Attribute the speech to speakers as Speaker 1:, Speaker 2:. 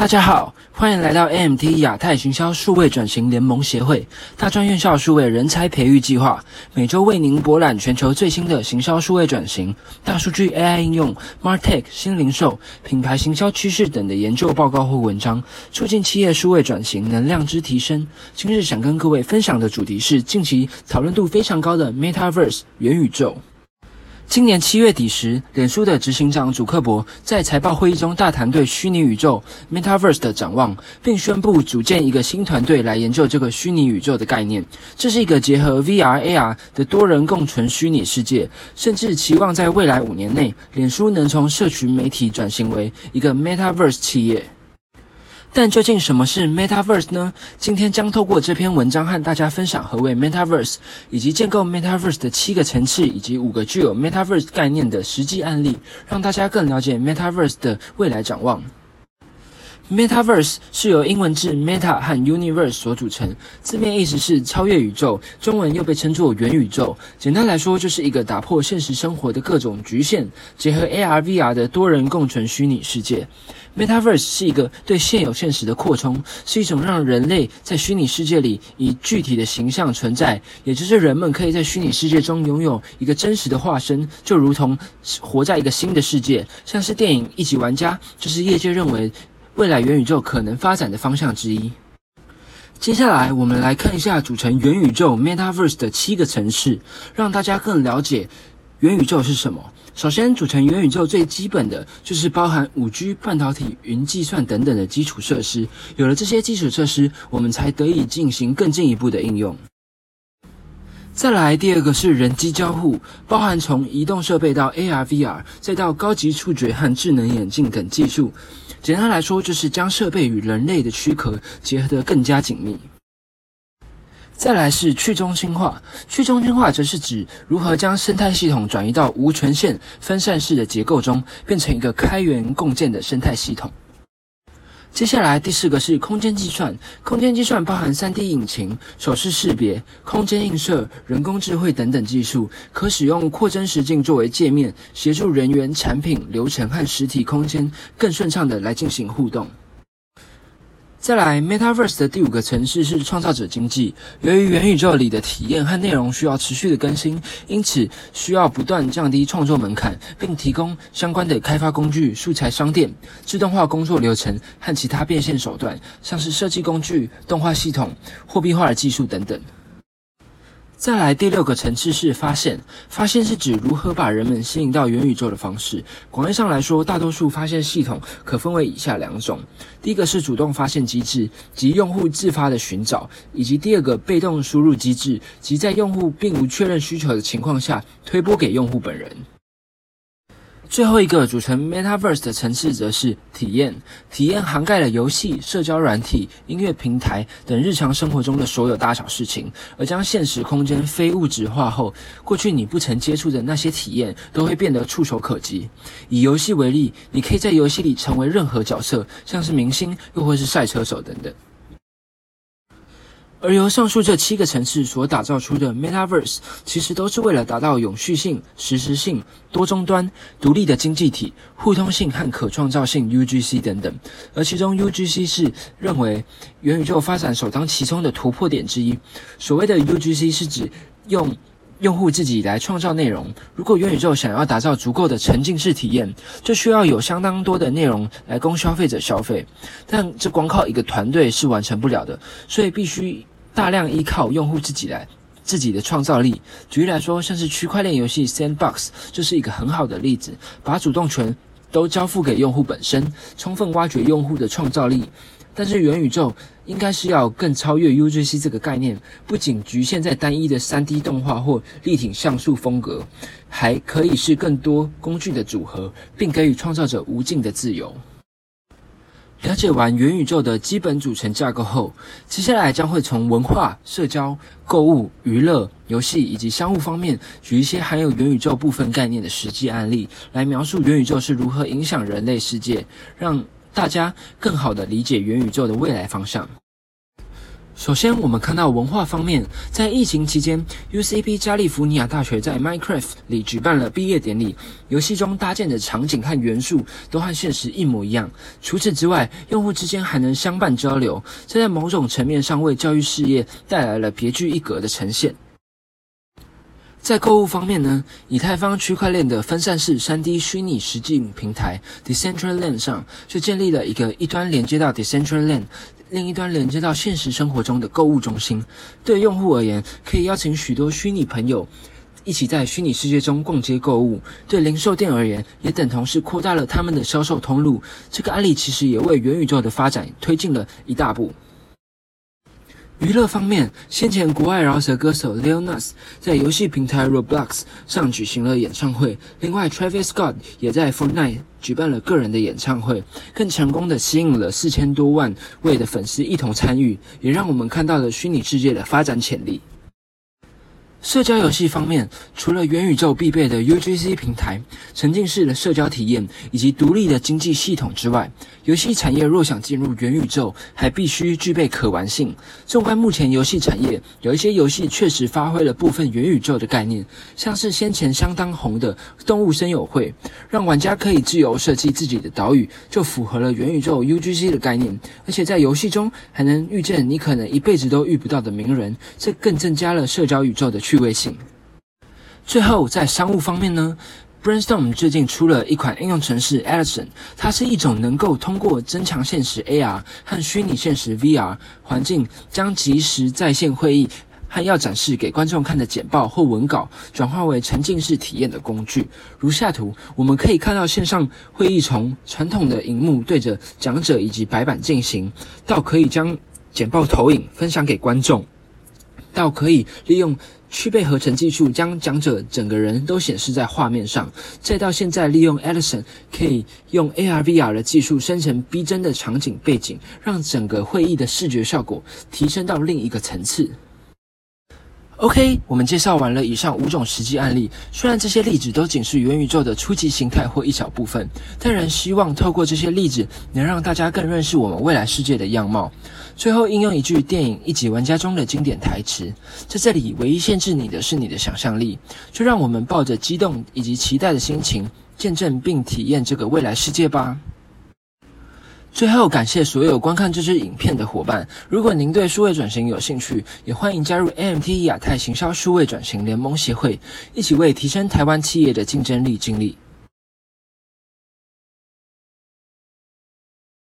Speaker 1: 大家好，歡迎來到 AMT 亞太行銷數位轉型聯盟協會大專院校數位人才培育計劃，每週為您博覽全球最新的行銷數位轉型、大數據 AI 應用、MarTech 新零售、品牌行銷趨勢等的研究報告或文章，促進企業數位轉型能量之提升。今日想跟各位分享的主題是近期討論度非常高的 Metaverse 元宇宙。今年七月底時，臉書的執行長祖克伯在財報會議中大談對虛擬宇宙 Metaverse 的展望，並宣佈組建一個新團隊來研究這個虛擬宇宙的概念。這是一個結合 VR AR 的多人共存虛擬世界，甚至期望在未來五年內，臉書能從社群媒體轉型為一個 Metaverse 企業。但究竟什麼是 Metaverse 呢？今天將透過這篇文章和大家分享何謂 Metaverse，以及建構 Metaverse 的七個層次，以及五個具有 Metaverse 概念的實際案例，讓大家更了解 Metaverse 的未來展望。Metaverse 是由英文字 meta 和 universe 所組成，字面意思是超越宇宙，中文又被稱作元宇宙。簡單來說，就是一個打破現實生活的各種局限，結合 ARVR 的多人共存虛擬世界。Metaverse 是一個對現有現實的擴充，是一種讓人類在虛擬世界裡以具體的形象存在，也就是人們可以在虛擬世界中擁有一個真實的化身，就如同活在一個新的世界。像是電影《一級玩家》，就是業界認為。未來元宇宙可能發展的方向之一。接下來，我們來看一下組成元宇宙 （Metaverse） 的七個層次，讓大家更了解元宇宙是什麼。首先，組成元宇宙最基本的就是包含五 G、半導體、雲計算等等的基礎設施。有了這些基礎設施，我們才得以進行更進一步的應用。再來第二個是人機交互，包含從移動設備到 AR、VR，再到高級觸覺和智能眼鏡等技術。簡單來說，就是將設備與人類的軀殼結合得更加緊密。再來是去中心化，去中心化則是指如何將生態系統轉移到無權限分散式的結構中，變成一個開源共建的生態系統。接下來第四個是空間計算，空間計算包含三 D 引擎、手勢識別、空間映射、人工智慧等等技術，可使用擴增實境作為界面協助人員、產品、流程和實體空間更順暢的來進行互動。再來，MetaVerse 的第五個層次是創造者經濟。由於元宇宙裡的體驗和內容需要持續的更新，因此需要不斷降低創作門檻，並提供相關的開發工具、素材商店、自動化工作流程和其他變現手段，像是設計工具、動畫系統、貨幣化的技術等等。再來第六個層次是發現，發現是指如何把人們吸引到元宇宙的方式。廣義上來說，大多數發現系統可分為以下兩種：第一個是主動發現機制，即用戶自發的尋找；以及第二個被動輸入機制，即在用戶並無確認需求的情況下推播給用戶本人。最後一個組成 Metaverse 的層次，則是體驗。體驗涵蓋了遊戲、社交軟體、音樂平台等日常生活中的所有大小事情。而將現實空間非物質化後，過去你不曾接觸的那些體驗，都會變得觸手可及。以遊戲為例，你可以在遊戲裡成為任何角色，像是明星，又或是賽車手等等。而由上述這七個層次所打造出的 Metaverse，其實都是為了達到永續性、實時性、多終端、獨立的經濟體、互通性和可創造性 （UGC） 等等。而其中 UGC 是認為元宇宙發展首當其衝的突破點之一。所謂的 UGC 是指用用戶自己來創造內容。如果元宇宙想要打造足夠的沉浸式體驗，就需要有相當多的內容來供消費者消費。但這光靠一個團隊是完成不了的，所以必須大量依靠用戶自己來自己的創造力。舉例來說，像是區塊鏈遊戲 Sandbox 就是一個很好的例子，把主動權都交付給用戶本身，充分挖掘用戶的創造力。但是元宇宙應該是要更超越 UGC 這個概念，不僅侷限在單一的 3D 動畫或立體像素風格，還可以是更多工具的組合，並給予創造者無盡的自由。了解完元宇宙的基本組成架構後，接下來將會從文化、社交、購物、娛樂、遊戲以及商務方面，舉一些含有元宇宙部分概念的實際案例，來描述元宇宙是如何影響人類世界，讓大家更好地理解元宇宙的未來方向。首先，我們看到文化方面，在疫情期間，UCB 加利福尼亞大學在 Minecraft 裡舉辦了畢業典禮，遊戲中搭建的場景和元素都和現實一模一樣。除此之外，用戶之間還能相伴交流，這在某種層面上為教育事業帶來了別具一格的呈現。在購物方面呢，以太坊區塊鏈的分散式 3D 虛擬實境平台 Decentraland 上，就建立了一個一端連接到 Decentraland，另一端連接到現實生活中的購物中心。對用戶而言，可以邀請許多虛擬朋友一起在虛擬世界中逛街購物；對零售店而言，也等同是擴大了他們的銷售通路。這個案例其實也為元宇宙的發展推進了一大步。娛樂方面，先前國外饒舌歌手 Lil Nas 在遊戲平台 Roblox 上舉行了演唱會。另外，Travis Scott 也在 Fortnite 舉辦了個人的演唱會，更成功的吸引了四千多萬位的粉絲一同參與，也讓我們看到了虛擬世界的發展潛力。社交遊戲方面，除了元宇宙必備的 UGC 平台、沉浸式的社交體驗以及獨立的經濟系統之外，遊戲產業若想進入元宇宙，還必須具備可玩性。縱觀目前遊戲產業，有一些遊戲確實發揮了部分元宇宙的概念，像是先前相當紅的《動物森友會》，讓玩家可以自由設計自己的島嶼，就符合了元宇宙 UGC 的概念。而且在遊戲中還能遇見你可能一輩子都遇不到的名人，這更增加了社交宇宙的趣味性。最後，在商務方面呢，Brainstorm 最近出了一款應用程式 Edison，它是一種能夠通過增強現實 AR 和虛擬現實 VR 環境，將即時在線會議和要展示給觀眾看的簡報或文稿，轉化為沉浸式體驗的工具。如下圖，我們可以看到線上會議從傳統的熒幕對着講者以及白板進行，到可以將簡報投影分享給觀眾，到可以利用。去背合成技術將講者整個人都顯示在畫面上，再到現在利用 Alison 可以用 ARVR 的技術生成逼真的場景背景，讓整個會議的視覺效果提升到另一個層次。OK，我們介紹完了以上五種實際案例。雖然這些例子都僅是元宇宙的初級形態或一小部分，但仍希望透過這些例子，能讓大家更認識我們未來世界的樣貌。最後，應用一句電影《一級玩家》中的經典台詞：在這裡，唯一限制你的是你的想象力。就讓我們抱着激動以及期待的心情，見證並體驗這個未來世界吧。最後，感謝所有觀看這支影片的夥伴。如果您對數位轉型有興趣，也歡迎加入 AMT 亞太行銷數位轉型聯盟協會，一起為提升台灣企業的競爭力盡力。